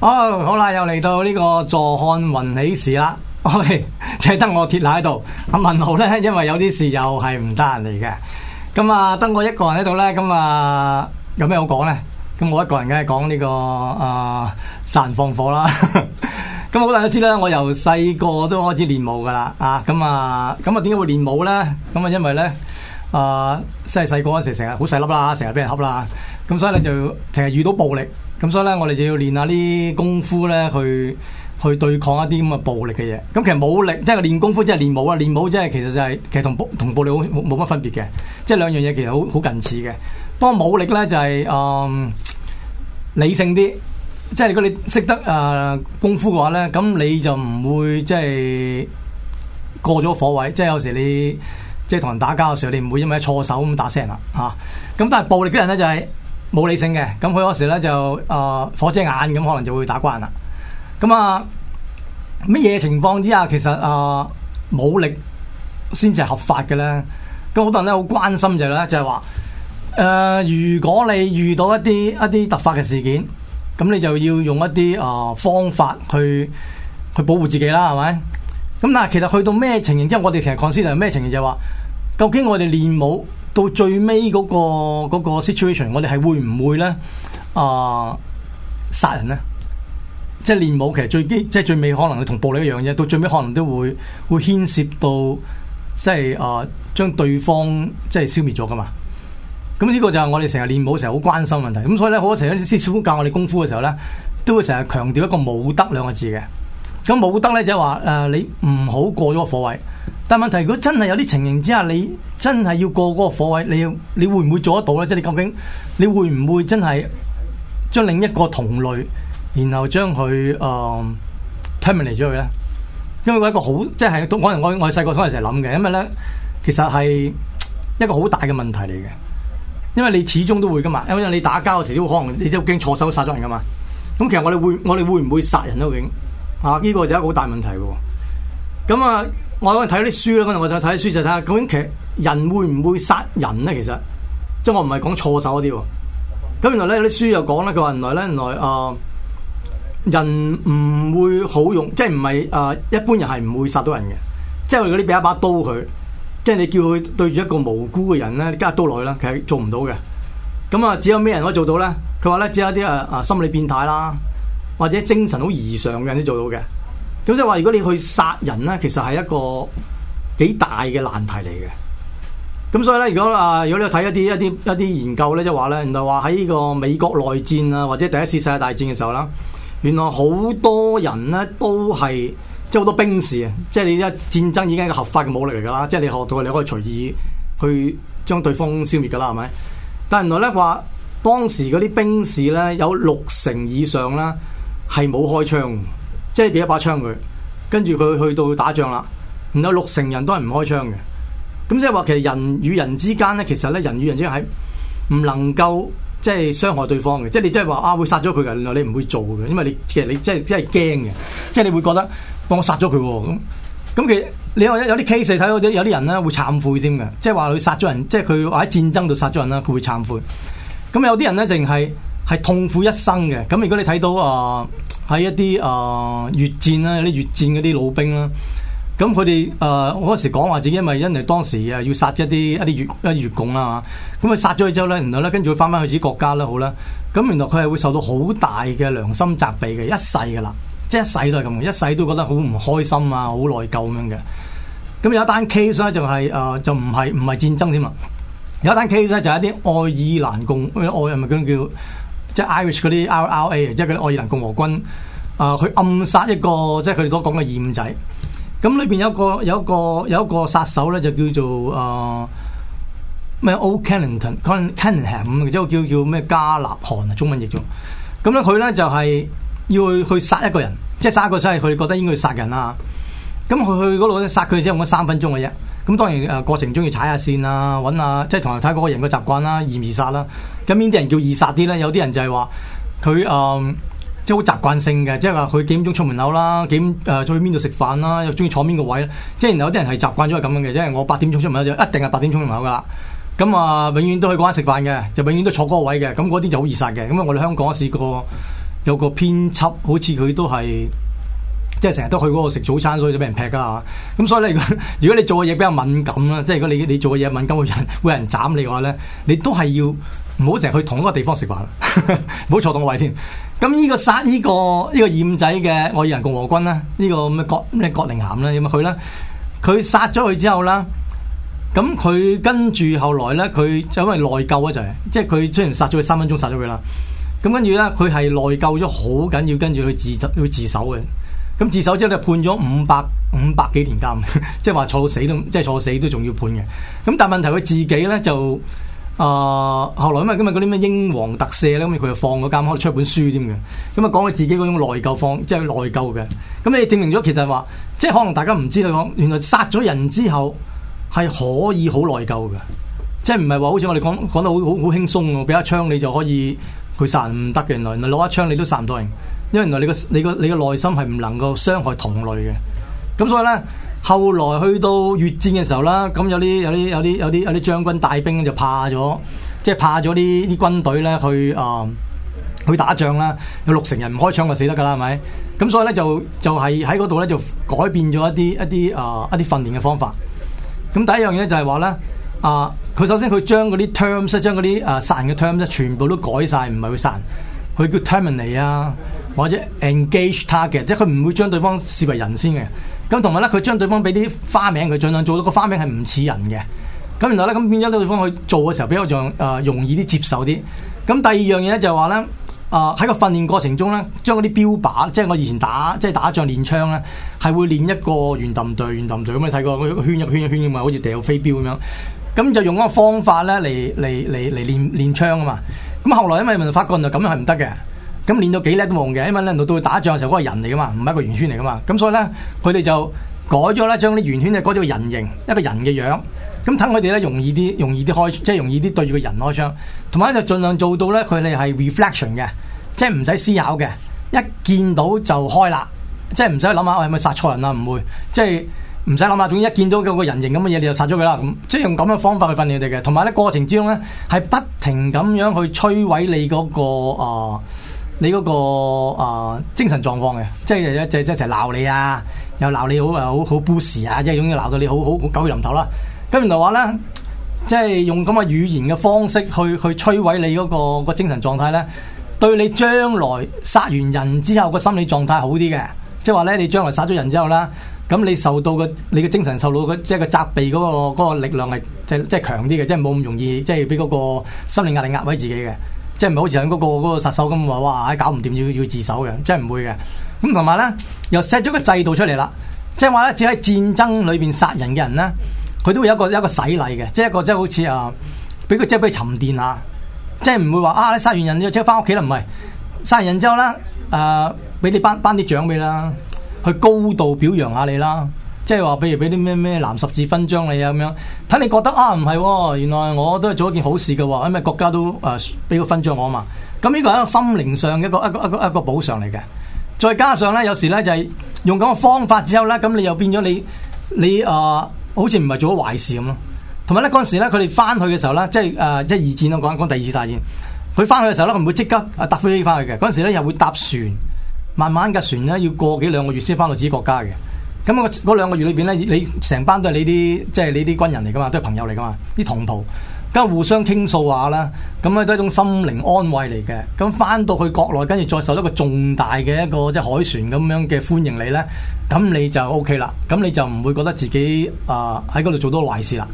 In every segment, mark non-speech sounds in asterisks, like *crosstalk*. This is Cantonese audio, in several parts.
哦，好啦、oh, well, we，又嚟到呢個坐看雲起時啦。我哋淨係得我鐵男喺度。阿文豪咧，因為有啲事又係唔得人嚟嘅。咁啊，得我一個人喺度咧，咁啊，有咩好講咧？咁我一個人梗係講呢個誒殺人放火啦。咁好多人都知啦。我由細個都開始練武噶啦。啊，咁啊，咁啊，點解會練武咧？咁啊，因為咧，誒，細細個嗰時成日好細粒啦，成日俾人恰啦，咁所以咧就成日遇到暴力。咁所以咧，我哋就要練下啲功夫咧，去去對抗一啲咁嘅暴力嘅嘢。咁、嗯、其實武力即係練功夫練，即係練武啊！練武即係其實就係、是、其實同、就、同、是、暴力冇冇乜分別嘅，即係兩樣嘢其實好好近似嘅。不過武力咧就係、是、嗯理性啲，即係如果你識得啊、呃、功夫嘅話咧，咁你就唔會即係過咗火位。即係有時你即係同人打交嘅時候，你唔會因為錯手咁打死人啦嚇。咁、啊、但係暴力嘅人咧就係、是。冇理性嘅，咁佢嗰時咧就啊、呃、火遮眼咁，可能就會打關啦。咁啊乜嘢情況之下，其實啊、呃、武力先至係合法嘅咧。咁好多人咧好關心就係、是、咧，就係話誒，如果你遇到一啲一啲突發嘅事件，咁你就要用一啲啊、呃、方法去去保護自己啦，係咪？咁但係，其實去到咩情形之後，就是、我哋其實講先就係咩情形就係、是、話，究竟我哋練武，到最尾嗰、那個那個 situation，我哋係會唔會咧啊、呃、殺人咧？即係練武其實最基，即係最尾可能佢同暴力一樣嘢。到最尾可能都會會牽涉到即係啊、呃、將對方即係消滅咗噶嘛。咁呢個就係我哋成日練武成日好關心問題。咁所以咧，好多時候啲師傅教我哋功夫嘅時候咧，都會成日強調一個武德兩個字嘅。咁武德咧就係話誒你唔好過咗個火位。但問題，如果真係有啲情形之下，你真係要過嗰個火位，你要你會唔會做得到咧？即係你究竟你會唔會真係將另一個同類，然後將佢誒 terminate 嚟咗佢咧？因為一個好即係，可能我我細個嗰陣時成日諗嘅，因為咧其實係一個好大嘅問題嚟嘅，因為你始終都會噶嘛，因為你打交嘅時都可能你都驚錯手殺咗人噶嘛。咁其實我哋會我哋會唔會殺人咧？永啊，呢個就係一個好大問題喎。咁啊～、嗯我嗰陣睇啲書啦，可能我就睇啲書就睇下究竟其實人會唔會殺人咧？其實即係我唔係講錯手嗰啲。咁原來咧有啲書又講咧，佢話原來咧原來誒、呃、人唔會好用，即係唔係誒一般人係唔會殺到人嘅。即係嗰啲俾一把刀佢，即係你叫佢對住一個無辜嘅人咧，加刀落去啦，其實做唔到嘅。咁啊，只有咩人可以做到咧？佢話咧只有啲誒誒心理變態啦，或者精神好異常嘅人先做到嘅。咁即係話，如果你去殺人咧，其實係一個幾大嘅難題嚟嘅。咁所以咧，如果啊，如果你睇一啲一啲一啲研究咧，即係話咧，原來話喺呢個美國內戰啊，或者第一次世界大戰嘅時候啦，原來好多人咧都係即係好多兵士啊，即係你一戰爭已經係一個合法嘅武力嚟噶啦，即係你學到你可以隨意去將對方消滅噶啦，係咪？但係原來咧話，當時嗰啲兵士咧有六成以上啦係冇開槍。即係俾一把槍佢，跟住佢去到打仗啦，然後六成人都係唔開槍嘅。咁即係話其實人與人之間咧，其實咧人與人之間係唔能夠即係傷害對方嘅。即係你即係話啊會殺咗佢噶，原來你唔會做嘅，因為你其實你即係即係驚嘅，即係你會覺得幫我殺咗佢咁。咁其實你有有啲 case 睇到有啲人咧會懺悔添嘅，即係話佢殺咗人，即係佢話喺戰爭度殺咗人啦，佢會懺悔。咁有啲人咧淨係。係痛苦一生嘅，咁如果你睇到啊喺、呃、一啲啊、呃、越戰啦，有啲越戰嗰啲老兵啦，咁佢哋誒我嗰時講話自己，因為因為當時誒要殺一啲一啲越一啲越共啦，咁佢殺咗佢之後咧，然後咧跟住佢翻翻去自己國家啦。好啦，咁原來佢係會受到好大嘅良心責備嘅，一世噶啦，即、就、係、是、一世都係咁，一世都覺得好唔開心啊，好內疚咁樣嘅。咁有一單 case 咧就係、是、誒、呃、就唔係唔係戰爭添啊，有一單 case 咧就係一啲愛爾蘭共，愛爾蘭咪嗰叫。即係 Irish 嗰啲 R R A，即係嗰啲愛爾蘭共和軍啊、呃，去暗殺一個即係佢哋所講嘅二五仔。咁裏邊有個有一個有一個殺手咧，就叫做啊咩 O. Callenton，Callenton 係五，然之後叫叫咩加納韓啊，中文譯咗。咁咧佢咧就係、是、要去去殺一個人，即係殺一個真係佢哋覺得應該要殺人啦。咁佢去嗰度咧殺佢，只用咗三分鐘嘅啫。咁當然誒、呃、過程中要踩下線啊，揾下，即係同埋睇嗰個人嘅習慣啦、啊，易唔易殺啦、啊？咁邊啲人叫易殺啲咧？有啲人就係話佢誒，即係好習慣性嘅，即係話佢幾點鐘出門口啦，幾點誒、呃、去邊度食飯啦、啊，又中意坐邊個位。即係有啲人係習慣咗係咁樣嘅，即係我八點鐘出門口就一定係八點鐘出門口噶啦。咁啊、呃，永遠都去嗰間食飯嘅，就永遠都坐嗰個位嘅。咁嗰啲就好易殺嘅。咁啊，我哋香港試過有個編輯，好似佢都係。即係成日都去嗰度食早餐，所以就俾人劈㗎嚇。咁所以咧，如果如果你做嘅嘢比較敏感啦，即係如果你你做嘅嘢敏感，會人會人斬你嘅話咧，你都係要唔好成日去同一個地方食飯，唔 *laughs* 好坐同一個位添。咁呢個殺呢、這個呢、這個燕仔嘅愛爾蘭共和軍咧，這個、葛葛葛呢個咩葛咩葛寧涵咧，有佢咧？佢殺咗佢之後咧，咁佢跟住後來咧，佢就因為內疚啊、就是，就係即係佢雖然殺咗佢三分鐘殺，殺咗佢啦。咁跟住咧，佢係內疚咗好緊要，跟住去自去自首嘅。咁自首之後判咗五百五百幾年監， *laughs* 即係話坐到死都即係坐死都仲要判嘅。咁但係問題佢自己咧就啊、呃，後來因為今日嗰啲咩英皇特赦咧，咁佢就放嗰監可以出本書啫嘛。咁啊講佢自己嗰種內疚，放即係內疚嘅。咁你證明咗其實話，即係可能大家唔知道講，原來殺咗人之後係可以好內疚嘅，即係唔係話好似我哋講講得好好好輕鬆㗎，俾一槍你就可以佢殺人唔得嘅，原來你攞一槍你都殺唔到人。因為原來你個你個你個內心係唔能夠傷害同類嘅，咁所以咧後來去到越戰嘅時候啦，咁有啲有啲有啲有啲有啲將軍帶兵就怕咗，即係怕咗啲啲軍隊咧去啊去打仗啦，有六成人唔開槍就死得㗎啦，係咪？咁所以咧就就係喺嗰度咧就改變咗一啲一啲啊一啲訓練嘅方法。咁第一樣嘢就係話咧啊，佢首先佢將嗰啲 term 咧，將啲啊殺人嘅 term 咧，ter 全部都改晒，唔係去殺，佢叫 terminate 啊。或者 engage target, 他嘅，即係佢唔會將對方視為人先嘅。咁同埋咧，佢將對方俾啲花名，佢盡量做到個花名係唔似人嘅。咁然後咧，咁變咗啲對方去做嘅時候比較誒、呃、容易啲接受啲。咁第二樣嘢咧就係話咧，啊、呃、喺個訓練過程中咧，將嗰啲標靶，即係我以前打即係打仗練槍咧，係會練一個圓揼隊、圓揼隊咁樣睇過，一圈一圈一圈嘅嘛，好似掉飛鏢咁樣。咁就用嗰個方法咧嚟嚟嚟嚟練練槍啊嘛。咁後來因為發覺就咁樣係唔得嘅。咁練到幾叻都冇嘅，因為咧到到打仗嘅時候，嗰個人嚟噶嘛，唔係一個圓圈嚟噶嘛。咁所以咧，佢哋就改咗咧，將啲圓圈咧改咗做人形，一個人嘅樣。咁等佢哋咧容易啲，容易啲開，即係容易啲對住個人開槍。同埋咧就盡量做到咧，佢哋係 reflection 嘅，即係唔使思考嘅，一見到就開啦，即係唔使諗下係咪殺錯人啦、啊，唔會，即係唔使諗下，總之一見到個個人形咁嘅嘢，你就殺咗佢啦。咁即係用咁嘅方法去訓練佢哋嘅。同埋咧過程之中咧係不停咁樣去摧毀你嗰、那個、呃你嗰、那個、呃、精神狀況嘅，即係一隻一齊鬧你啊，又鬧你好啊，好好 boos 啊，即係總之鬧到你好好狗血淋頭啦。咁原來話咧，即係用咁嘅語言嘅方式去去摧毀你嗰、那個那個精神狀態咧，對你將來殺完人之後個心理狀態好啲嘅。即係話咧，你將來殺咗人之後咧，咁你受到個你嘅精神受到嗰即係、那個責備嗰個力量係即係即係強啲嘅，即係冇咁容易即係俾嗰個心理壓力壓毀自己嘅。即係唔係好似響嗰個嗰個殺手咁話，哇，唉，搞唔掂，要要自首嘅，即係唔會嘅。咁同埋咧又 set 咗個制度出嚟啦，即係話咧只喺戰爭裏邊殺人嘅人咧，佢都會有一個有一個洗禮嘅，即係一個即係好似、呃、啊，俾佢即係俾佢沉澱下，即係唔會話啊你殺完人之後即刻翻屋企啦，唔係殺完人之後咧誒俾你頒頒啲獎俾啦，去高度表揚下你啦。即係話，譬如俾啲咩咩藍十字勳章你啊，咁樣睇你覺得啊，唔係、哦，原來我都係做一件好事嘅喎，因為國家都誒俾個勳章我啊嘛。咁呢個係心靈上一個一個一個一個補償嚟嘅。再加上咧，有時咧就係、是、用咁嘅方法之後咧，咁你又變咗你你誒、呃，好似唔係做咗壞事咁咯。同埋咧嗰陣時咧，佢哋翻去嘅時候咧，即係誒一二戰啊，講講第二次大戰，佢翻去嘅時候咧，佢唔會即刻搭飛機翻去嘅。嗰陣時咧又會搭船，慢慢嘅船咧要過幾兩個月先翻到自己國家嘅。咁啊，嗰兩個月裏邊咧，你成班都係你啲，即係你啲軍人嚟噶嘛，都係朋友嚟噶嘛，啲同袍，咁互相傾訴下啦，咁啊都係一種心靈安慰嚟嘅。咁翻到去國內，跟住再受到一個重大嘅一個即係海船咁樣嘅歡迎你咧，咁你就 OK 啦，咁你就唔會覺得自己啊喺嗰度做多壞事啦。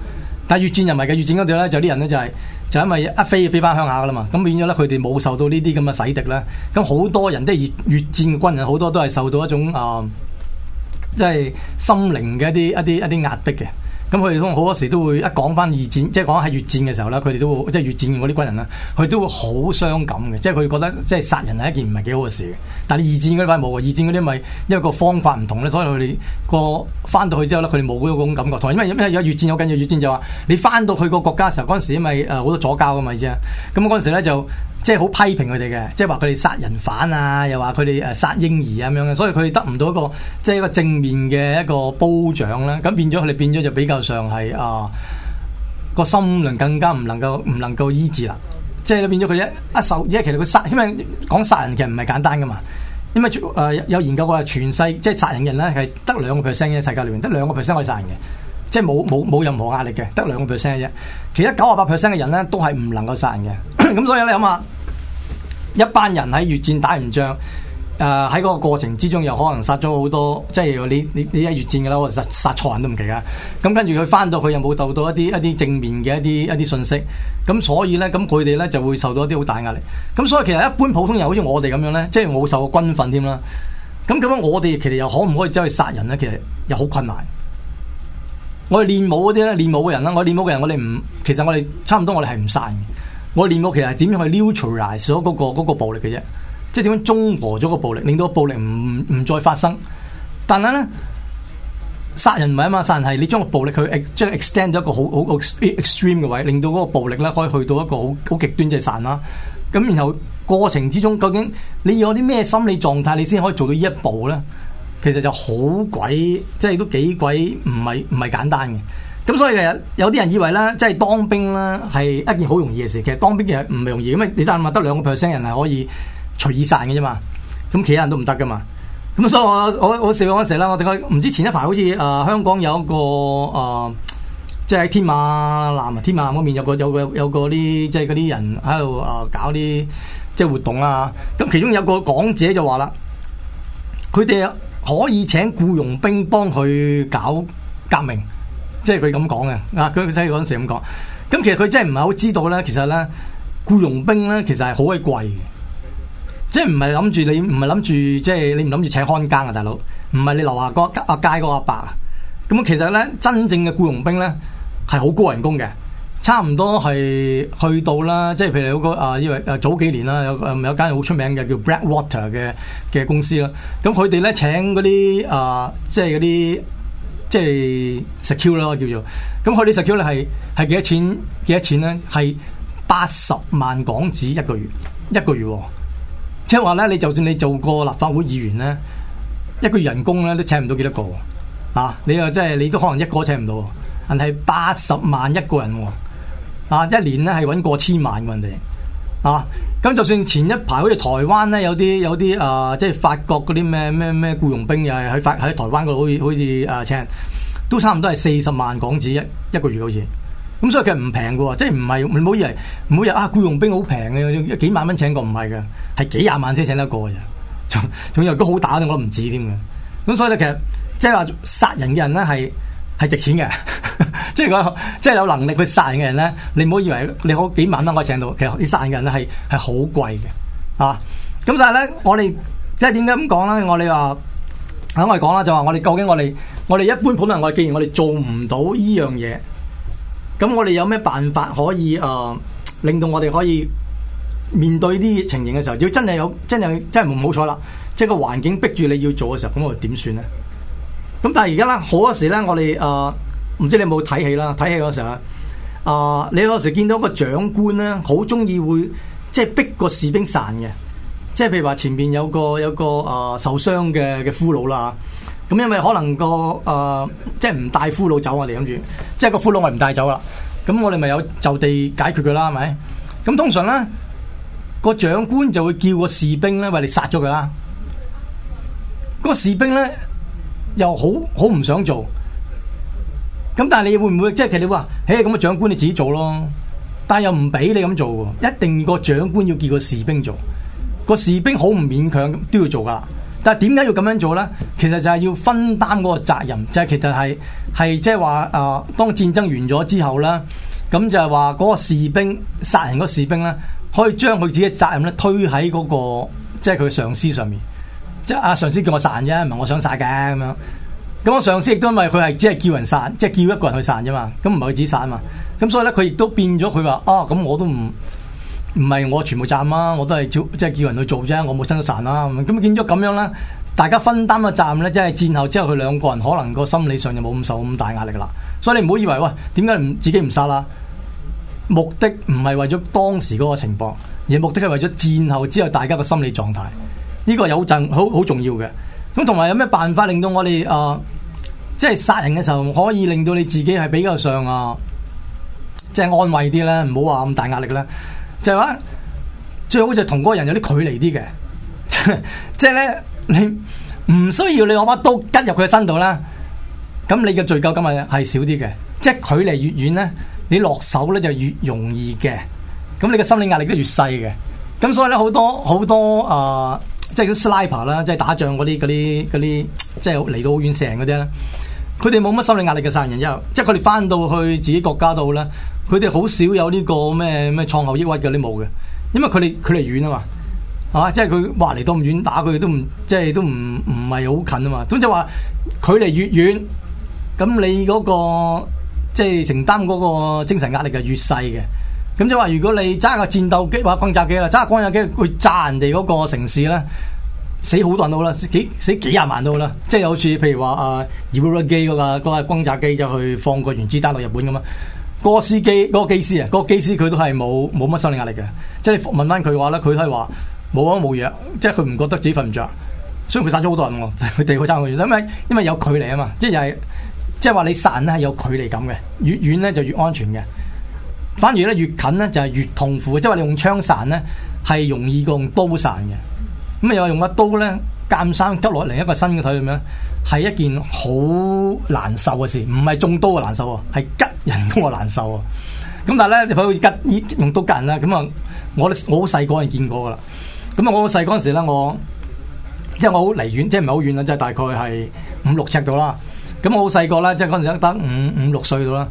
但係越戰人迷嘅越戰嗰度咧，就啲人咧就係、是、就因為一飛就飛翻鄉下噶啦嘛，咁變咗咧佢哋冇受到呢啲咁嘅洗滌咧，咁好多人都係越越戰嘅軍人，好多都係受到一種啊～、呃即係心靈嘅一啲一啲一啲壓迫嘅，咁佢哋都好多時都會一講翻二戰，即係講喺越戰嘅時候啦，佢哋都會即係越戰嗰啲軍人啦，佢都會好傷感嘅，即係佢覺得即係殺人係一件唔係幾好嘅事嘅。但係二戰嗰啲冇啊，二戰嗰啲咪因為個方法唔同咧，所以佢哋、個翻到去之後咧，佢哋冇嗰種感覺。同因為因為而家越戰好緊要，越戰就話你翻到去個國家嘅時候嗰陣時，因為誒好多左膠㗎嘛，意思啊，咁嗰陣時咧就。即係好批評佢哋嘅，即係話佢哋殺人犯啊，又話佢哋誒殺嬰兒啊咁樣嘅，所以佢哋得唔到一個即係一個正面嘅一個褒獎啦。咁變咗佢哋變咗就比較上係啊個心靈更加唔能夠唔能夠醫治啦。即係變咗佢一受，因其實佢殺，因為講殺人其實唔係簡單噶嘛。因為誒有研究過，全世即係殺人嘅人咧係得兩個 percent 嘅，世界裏面得兩個 percent 可以殺人嘅，即係冇冇冇任何壓力嘅，得兩個 percent 嘅啫。其他九十八 percent 嘅人咧都係唔能夠殺人嘅。咁 *coughs* 所以你諗下。一班人喺越戰打完仗，誒喺嗰個過程之中又可能殺咗好多，即係你你你喺越戰嘅啦，我殺殺錯人都唔奇噶。咁跟住佢翻到去，又冇受到一啲一啲正面嘅一啲一啲信息。咁所以咧，咁佢哋咧就會受到一啲好大壓力。咁所以其實一般普通人好似我哋咁樣咧，即係冇受過軍訓添啦。咁咁樣我哋其實又可唔可以走去殺人咧？其實又好困難。我哋練武嗰啲咧，練武嘅人啦，我練武嘅人，我哋唔，其實我哋差唔多我，我哋係唔殺嘅。我練過其實係點樣去 neutralize 咗嗰個嗰個暴力嘅啫，即係點樣中和咗個暴力，令到個暴力唔唔再發生。但係咧，殺人唔係啊嘛，殺人係你將個暴力佢將 extend 咗一個好好好 extreme 嘅位，令到嗰個暴力咧可以去到一個好好極端即係殺啦。咁然後過程之中，究竟你有啲咩心理狀態，你先可以做到呢一步咧？其實就好鬼，即係都幾鬼，唔係唔係簡單嘅。咁所以有有啲人以為咧，即係當兵咧係一件好容易嘅事。其實當兵其實唔容易。咁你得得兩個 percent 人係可以隨意散嘅啫嘛。咁其他人都唔得㗎嘛。咁所以我我我成日咧，我哋個唔知前一排好似啊、呃、香港有一個啊，即係喺天馬南天馬南嗰邊有個有，有，有個有個啲即係嗰啲人喺度啊搞啲即係活動啊。咁其中有一個講者就話啦，佢哋可以請僱傭兵幫佢搞革命。即係佢咁講嘅，啊佢佢喺嗰陣時咁講。咁其實佢真係唔係好知道咧，其實咧僱傭兵咧其實係好鬼貴嘅。即係唔係諗住你，唔係諗住即係你唔諗住請看更啊，大佬，唔係你樓下、個阿街個阿伯啊。咁其實咧，真正嘅僱傭兵咧係好高人工嘅，差唔多係去到啦。即係譬如有個啊，因為啊早幾年啦，有、呃、有間好出名嘅叫 Blackwater 嘅嘅公司啦。咁佢哋咧請嗰啲啊，即係嗰啲。呃即係 secure 咯，叫做咁佢啲 secure 咧係係幾多錢？幾多錢咧？係八十萬港紙一個月，一個月，哦，即係話咧，你就算你做過立法會議員咧，一個月人工咧都請唔到幾多個啊！你又真係你都可能一個請唔到，但係八十萬一個人，啊，一年咧係搵過千萬嘅人哋。啊！咁就算前一排好似台灣咧，有啲有啲啊、呃，即係法國嗰啲咩咩咩僱傭兵又係，喺法喺台灣嗰度好似好似啊請人都差唔多係四十萬港紙一一個月，好似咁、嗯，所以其實唔平嘅喎，即係唔係唔好以為唔好以為啊僱傭兵好平嘅，幾萬蚊請個唔係嘅，係幾廿萬先請得過嘅，仲仲有都好打，我覺得唔止添嘅。咁、嗯、所以咧，其實即係話殺人嘅人咧係，係值錢嘅， *laughs* 即係講，即係有能力去殺人嘅人咧，你唔好以為你可幾萬蚊可以請到，其實你殺人嘅人咧係係好貴嘅，啊！咁但係咧，我哋即係點解咁講咧？我哋話等我哋講啦，就話我哋究竟我哋我哋一般普通人，我哋既然我哋做唔到呢樣嘢，咁我哋有咩辦法可以誒、呃、令到我哋可以面對啲情形嘅時候，只要真係有真係真係唔好彩啦，即係個環境逼住你要做嘅時候，咁我點算咧？咁但係而家咧好多時咧，我哋啊唔知你有冇睇戲啦？睇戲嗰時候啊，啊、呃、你有時見到個長官咧，好中意會即係逼個士兵散嘅，即係譬如話前邊有個有個啊受傷嘅嘅俘虜啦，咁因為可能個啊即係唔帶俘虜走我哋諗住，即係個俘虜我唔帶走啦，咁我哋咪有就地解決佢啦，係咪？咁通常咧，個長官就會叫個士兵咧，喂，你殺咗佢啦，個士兵咧。又好好唔想做，咁但係你會唔會即係其實你話，誒咁嘅長官你自己做咯，但係又唔俾你咁做，一定個長官要叫個士兵做，個士兵好唔勉強都要做噶。但係點解要咁樣做咧？其實就係要分擔嗰個責任，即係其實係係即係話誒，當戰爭完咗之後咧，咁就係話嗰個士兵殺人嗰士兵咧，可以將佢自己嘅責任咧推喺嗰個即係佢嘅上司上面。即係阿上司叫我散啫，唔係我想殺嘅咁樣。咁我上司亦都因為佢係只係叫人散，即係叫一個人去散啫嘛。咁唔係佢自己殺啊嘛。咁所以咧，佢亦都變咗佢話啊，咁我都唔唔係我全部站啊，我都係叫即係、就是、叫人去做啫，我冇親自殺啦。咁見咗咁樣咧，大家分擔個站咧，即係戰後之後，佢兩個人可能個心理上就冇咁受咁大壓力啦。所以你唔好以為喂，點解唔自己唔殺啦？目的唔係為咗當時嗰個情況，而目的係為咗戰後之後大家個心理狀態。呢個有陣好好重要嘅，咁同埋有咩辦法令到我哋啊、呃，即係殺人嘅時候可以令到你自己係比較上啊，即係安慰啲啦，唔好話咁大壓力啦，就係、是、話最好就同嗰個人有啲距離啲嘅。 *laughs* 即係咧你唔需要你攞把刀拮入佢嘅身度啦，咁你嘅罪疚感啊係少啲嘅，即係距離越遠咧，你落手咧就越容易嘅，咁你嘅心理壓力都越細嘅，咁所以咧好多好多啊～、呃即係嗰啲 sliper 啦，即係打仗嗰啲啲啲，即係嚟到好遠成嗰啲啦。佢哋冇乜心理壓力嘅殺人人之後，即係佢哋翻到去自己國家度啦。佢哋好少有呢個咩咩創後抑鬱嘅，啲冇嘅，因為佢哋距離遠啊嘛，係嘛？即係佢話嚟到咁遠打佢哋都唔，即係都唔唔係好近啊嘛。總之話距離越遠，咁你嗰個即係承擔嗰個精神壓力就越細嘅。咁就係話，如果你揸個戰鬥機或轟炸機啦，揸轟炸機去炸人哋嗰個城市咧，死好多人到啦，死死幾廿萬到啦。即係好似譬如話阿 Enola Gay 機噶啦。啊那個轟、那個、炸機就去放個原子彈落日本咁嘛。嗰、那個司機嗰、那個機師啊，嗰、那個機師佢都係冇冇乜心理壓力嘅。即係你問翻佢話咧，佢都係話冇啊，冇藥。即係佢唔覺得自己瞓唔着，所以佢殺咗好多人喎。佢哋好差好遠，因為因為有距離啊嘛，即係又係即係話你殺人咧係有距離感嘅，越遠咧就越安全嘅。反而咧越近咧就係越痛苦嘅，即係話你用槍殺咧係容易過用刀殺嘅。咁又話用一刀咧，監生拮落嚟另一個新嘅體咁樣，係一件好難受嘅事，唔係中刀嘅難受啊，係拮人咁啊難受啊。咁但係咧佢要拮用刀拮人啦。咁啊，我我好細個已經見過噶啦。咁啊，我好細嗰陣時咧，我即係我好離遠，即係唔係好遠啦，即係大概係五六尺度啦。咁我好細個啦，即係嗰陣時得五五六歲度啦。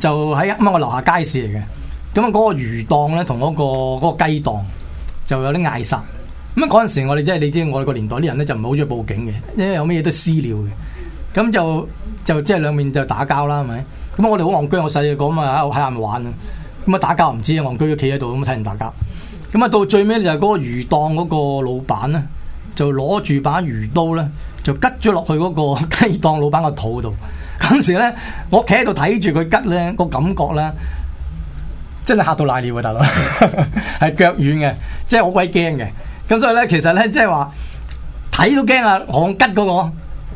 就喺啱啱我樓下街市嚟嘅，咁啊嗰個魚檔咧同嗰個嗰個雞檔就有啲嗌殺，咁啊嗰陣時我哋即係你知我哋個年代啲人咧就唔係好中意報警嘅，因為有咩嘢都私了嘅，咁就就即係兩面就打交啦，係咪？咁我哋好戇居，我細個咁啊喺下面玩啊，咁啊打交唔知啊，戇居都企喺度咁啊睇人打交，咁啊到最尾就係嗰個魚檔嗰個老闆咧就攞住把魚刀咧就拮咗落去嗰個雞檔老闆個肚度。當時咧，我企喺度睇住佢吉咧，個感覺咧真係嚇到瀨尿喎，大佬係 *laughs* 腳軟嘅，即係好鬼驚嘅。咁所以咧，其實咧即係話睇都驚啊，行吉嗰、嗰個。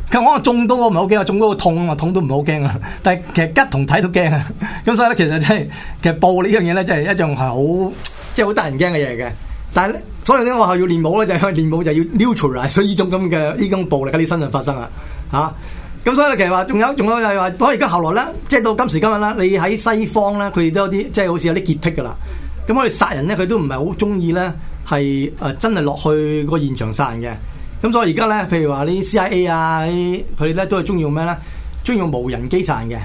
咁我可能中到我唔係好驚，中到個痛啊嘛，痛都唔係好驚啊。但係其實吉同睇都驚啊。咁所以咧，其實真、就、係、是、其實暴力呢樣嘢咧，真係一樣係好即係好得人驚嘅嘢嘅。但係咧，所以咧我係要練武咧，因為就係練武就要 neutralize，所以呢種咁嘅呢種暴力喺你身上發生啊，嚇！咁、嗯、所以咧，其實話仲有，仲有就係話，到而家後來咧，即係到今時今日啦，你喺西方咧，佢哋都有啲即係好似有啲潔癖噶啦。咁我哋殺人咧，佢都唔係好中意咧，係誒真係落去個現場殺人嘅。咁所以而家咧，譬如話呢 CIA 啊，佢哋咧都係中意用咩咧？中意用無人機殺人嘅，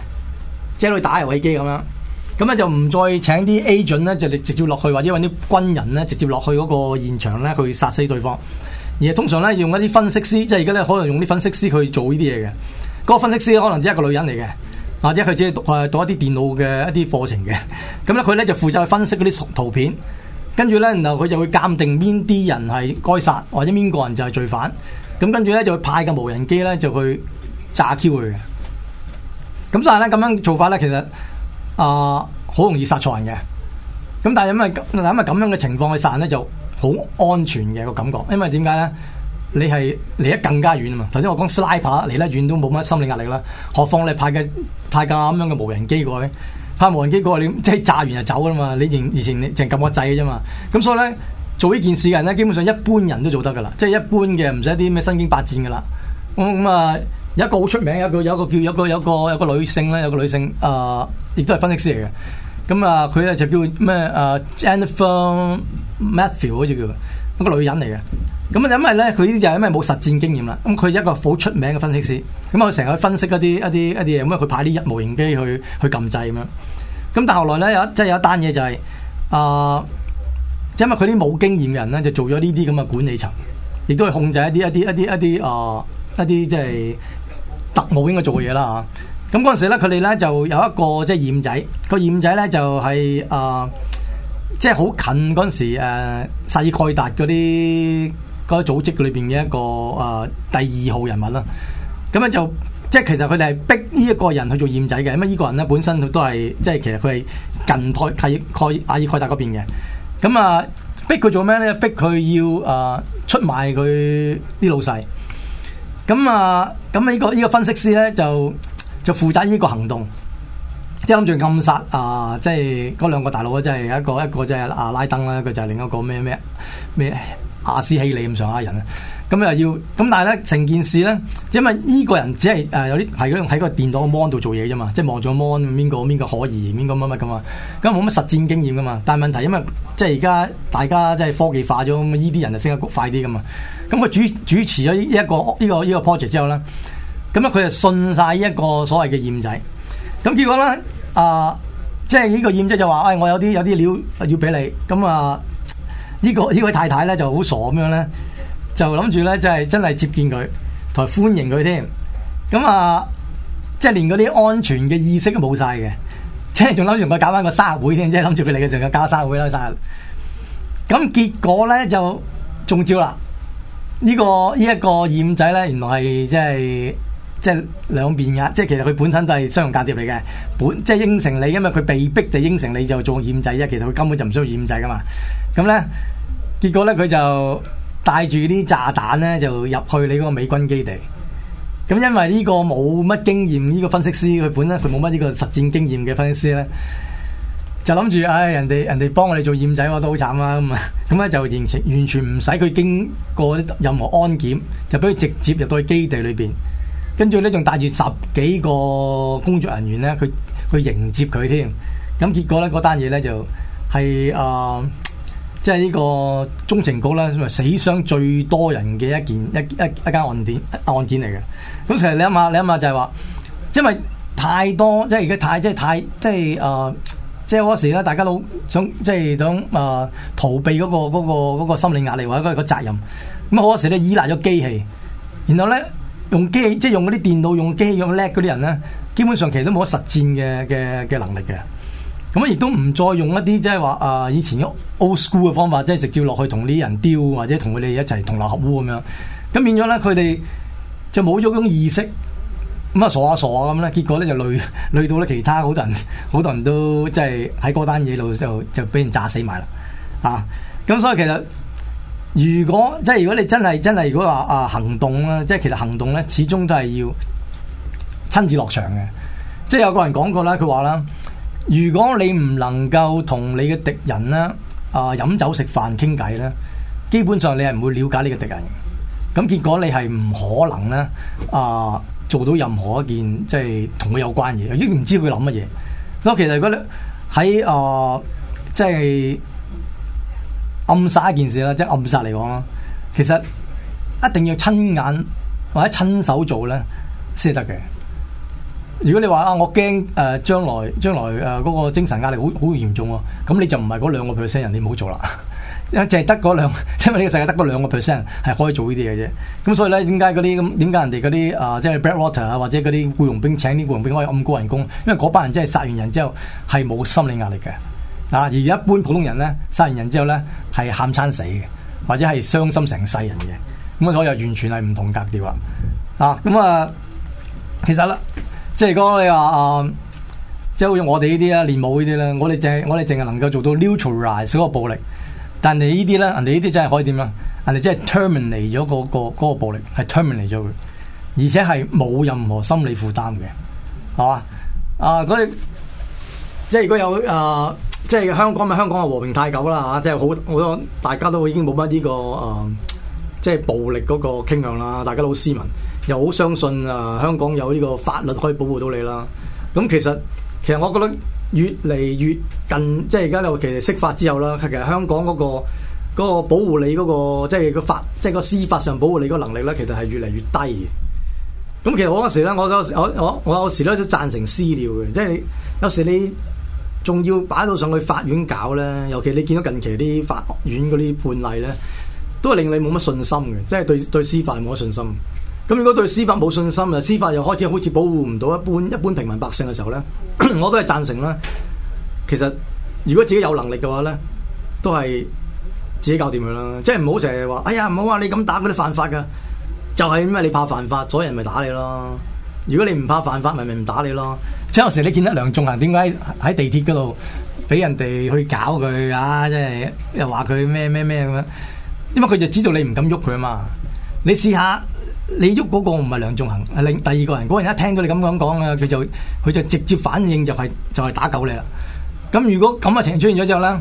即係類打遊戲機咁樣。咁咧就唔再請啲 agent 咧，就直接落去或者揾啲軍人咧，直接落去嗰個現場咧去殺死對方。而通常咧用一啲分析師，即係而家咧可能用啲分析師去做呢啲嘢嘅。嗰個分析師可能只係一個女人嚟嘅，或者佢只係讀啊、呃、讀一啲電腦嘅一啲課程嘅，咁咧佢咧就負責去分析嗰啲圖片，跟住咧，然後佢就會鑒定邊啲人係該殺，或者邊個人就係罪犯，咁、嗯、跟住咧就會派個無人機咧就去炸焦佢嘅。咁、嗯、但係咧咁樣做法咧，其實啊好、呃、容易殺錯人嘅。咁、嗯、但係因為因為咁樣嘅情況去殺人咧就好安全嘅個感覺，因為點解咧？你係離得更加遠啊嘛！頭先我講拉炮，離得遠都冇乜心理壓力啦。何況你派嘅太監咁樣嘅無人機過去，派無人機過去你，你即係炸完就走啦嘛！你以前你淨撳個掣嘅啫嘛。咁所以咧，做呢件事嘅人咧，基本上一般人都做得噶啦，即係一般嘅唔使啲咩身經八戰噶啦。咁咁啊，有一個好出名，有一個有一個叫有個有個有個女性咧，有個女性啊，亦都係分析師嚟嘅。咁、嗯、啊，佢咧就叫咩啊、呃？Jennifer Matthew 好似叫，一個女人嚟嘅。咁啊，因為咧佢呢啲就係因為冇實戰經驗啦。咁佢一個好出名嘅分析師，咁啊佢成日去分析一啲一啲一啲嘢。咁啊佢派啲人模型機去去撳掣咁樣。咁但係後來咧有即係有一單嘢就係、是、啊，呃就是、因為佢啲冇經驗嘅人咧就做咗呢啲咁嘅管理層，亦都係控制一啲一啲一啲一啲啊、呃、一啲即係特務應該做嘅嘢啦嚇。咁嗰陣時咧佢哋咧就有一個即係燕仔，個燕仔咧就係、是、啊，即係好近嗰陣時誒細、呃、蓋達嗰啲。嗰個組織裏邊嘅一個誒、呃、第二號人物啦，咁、嗯、樣就即係其實佢哋係逼呢一個人去做醜仔嘅，咁啊呢個人咧本身都係即係其實佢係近蓋亞爾蓋達嗰邊嘅，咁啊逼佢做咩咧？逼佢要誒、呃、出賣佢啲老細，咁啊咁呢、這個呢、這個分析師咧就就負責呢個行動，即係諗住暗殺啊、呃，即係嗰兩個大佬啊，即係一個一個即係阿拉登啦，佢就係另一個咩咩咩。阿斯希你咁上下人咧，咁又要咁，但係咧成件事咧，因為呢個人只係誒有啲係嗰、喺個電腦個 mon 度做嘢啫嘛，即係望住個 mon，邊個邊個可疑，邊個乜乜噶嘛，咁冇乜實戰經驗噶嘛。但係問題，因為即係而家大家即係科技化咗，咁呢啲人就升得快啲噶嘛。咁佢主主持咗呢一個呢個呢個 project 之後咧，咁咧佢就信晒呢一個所謂嘅艷仔。咁結果咧，啊、呃，即係呢個艷仔就話：哎，我有啲有啲料要俾你。咁、嗯、啊。呢個呢個太太咧就好傻咁樣咧，就諗住咧即係真係接見佢，同埋歡迎佢添。咁啊，即係連嗰啲安全嘅意識都冇晒嘅，即係仲諗住同佢搞翻個生日會添，即係諗住佢嚟嘅時候，加生日會啦生日。咁結果咧就中招啦。呢個呢一個二五仔咧，原來係即係。即係兩邊嘅，即係其實佢本身都係雙用間諜嚟嘅。本即係應承你，因為佢被逼地應承你，就做驗仔。其實佢根本就唔需要驗仔噶嘛。咁咧，結果咧，佢就帶住啲炸彈咧，就入去你嗰個美軍基地。咁因為呢個冇乜經驗，呢個分析師佢本身佢冇乜呢個實戰經驗嘅分析師咧，就諗住，唉，人哋人哋幫我哋做驗仔，我都好慘啊。咁啊，咁咧就完全完全唔使佢經過任何安檢，就俾佢直接入到去基地裏邊。跟住咧，仲帶住十幾個工作人員咧，佢去，去迎接佢添。咁結果咧，嗰單嘢咧就係、是、誒，即係呢個中情局咧，死傷最多人嘅一件一件一一間案件案件嚟嘅。咁成日你諗下，你諗下就係話，因為太多，即係而家太，即係太、呃，即係誒，即係嗰時咧，大家都想，即係想誒、呃、逃避嗰個嗰個嗰個心理壓力或者嗰個責任。咁嗰時咧依賴咗機器，然後咧。用機，即係用嗰啲電腦、用機器咁叻嗰啲人咧，基本上其實都冇實戰嘅嘅嘅能力嘅。咁啊，亦都唔再用一啲即係話啊以前 old school 嘅方法，即係直接落去同呢啲人屌或者同佢哋一齊同流合污咁樣。咁變咗咧，佢哋就冇咗嗰種意識。咁啊傻下傻啊，咁咧，結果咧就累累到咧其他好多人好多人都即係喺嗰單嘢度就就俾人炸死埋啦啊！咁所以其實如果即係如果你真係真係如果話啊行動咧，即係其實行動咧始終都係要親自落場嘅。即係有個人講過啦，佢話啦，如果你唔能夠同你嘅敵人咧啊飲酒食飯傾偈咧，基本上你係唔會了解呢個敵人嘅。咁結果你係唔可能咧啊做到任何一件即係同佢有關嘢，因為唔知佢諗乜嘢。咁其實如果你喺啊即係。暗殺一件事啦，即係暗殺嚟講啦，其實一定要親眼或者親手做咧先得嘅。如果你話啊，我驚誒將來將來誒嗰、呃嗰個精神壓力好好嚴重喎，咁你就唔係嗰兩個 percent 人，你唔好做啦。因為淨係得嗰兩，因為呢個世界得嗰兩個 percent 係可以做呢啲嘢嘅啫。咁所以咧，點解嗰啲咁？點解人哋嗰啲啊，即係 blackwater 啊，或者嗰啲僱傭兵請啲僱傭兵可以咁高人工？因為嗰班人真係殺完人之後係冇心理壓力嘅。啊！而一般普通人咧，殺完人之後咧，係喊餐死嘅，或者係傷心成世人嘅。咁我又完全係唔同格調啊！啊咁啊，其實啦，即係如果你話啊、呃，即係好似我哋呢啲啊，練武呢啲咧，我哋淨我哋淨係能夠做到 neutralize 嗰個暴力。但係呢啲咧，人哋呢啲真係可以點啊？人哋真係 terminate 咗嗰、嗰個嗰個嗰個暴力，係 terminate 咗佢，而且係冇任何心理負擔嘅，係嘛？啊，即係如果有啊～、呃即係香港，咪香港係和平太久啦嚇！即係好好多，大家都已經冇乜呢個誒、呃，即係暴力嗰個傾向啦。大家都好斯文，又好相信啊、呃，香港有呢個法律可以保護到你啦。咁、嗯、其實，其實我覺得越嚟越近，即係而家你其實釋法之後啦，其實香港嗰、嗰個、嗰個保護你嗰、嗰個，即係個法，即係個司法上保護你嗰個能力咧，其實係越嚟越低。咁、嗯、其實我有時咧，我有時我我我有時咧都贊成私了嘅，即係有時你。仲要擺到上去法院搞咧，尤其你見到近期啲法院嗰啲判例咧，都係令你冇乜信心嘅，即係對對司法冇乜信心。咁如果對司法冇信心啊，司法又開始好似保護唔到一般一般平民百姓嘅時候咧， *coughs* 我都係贊成啦。其實如果自己有能力嘅話咧，都係自己搞掂佢啦。即係唔好成日話，哎呀，唔好話你咁打嗰啲犯法噶，就係因為你怕犯法，所以人咪打你咯。如果你唔怕犯法，明明唔打你咯。即有時你見得梁仲恒點解喺地鐵嗰度俾人哋去搞佢啊？即係又話佢咩咩咩咁樣，因為佢就知道你唔敢喐佢啊嘛。你試下你喐嗰個唔係梁仲恒，另第二個人，嗰人一聽到你咁咁講啊，佢就佢就直接反應就係就係打狗你啦。咁如果咁嘅情況出現咗之後咧，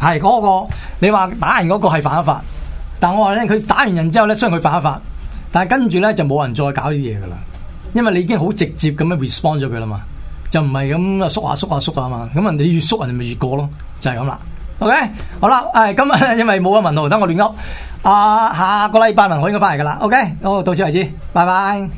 係嗰個你話打人嗰個係犯法，但我話咧，佢打完人之後咧，雖然佢犯法，但係跟住咧就冇人再搞啲嘢噶啦。因為你已經好直接咁樣 respond 咗佢啦嘛，就唔係咁啊，縮下縮下縮啊嘛，咁人哋越縮人哋咪越過咯，就係咁啦。OK，好啦，誒、哎，今日因為冇乜文豪，等我亂噏。啊，下個禮拜文豪我應該翻嚟噶啦。OK，好，到此為止，拜拜。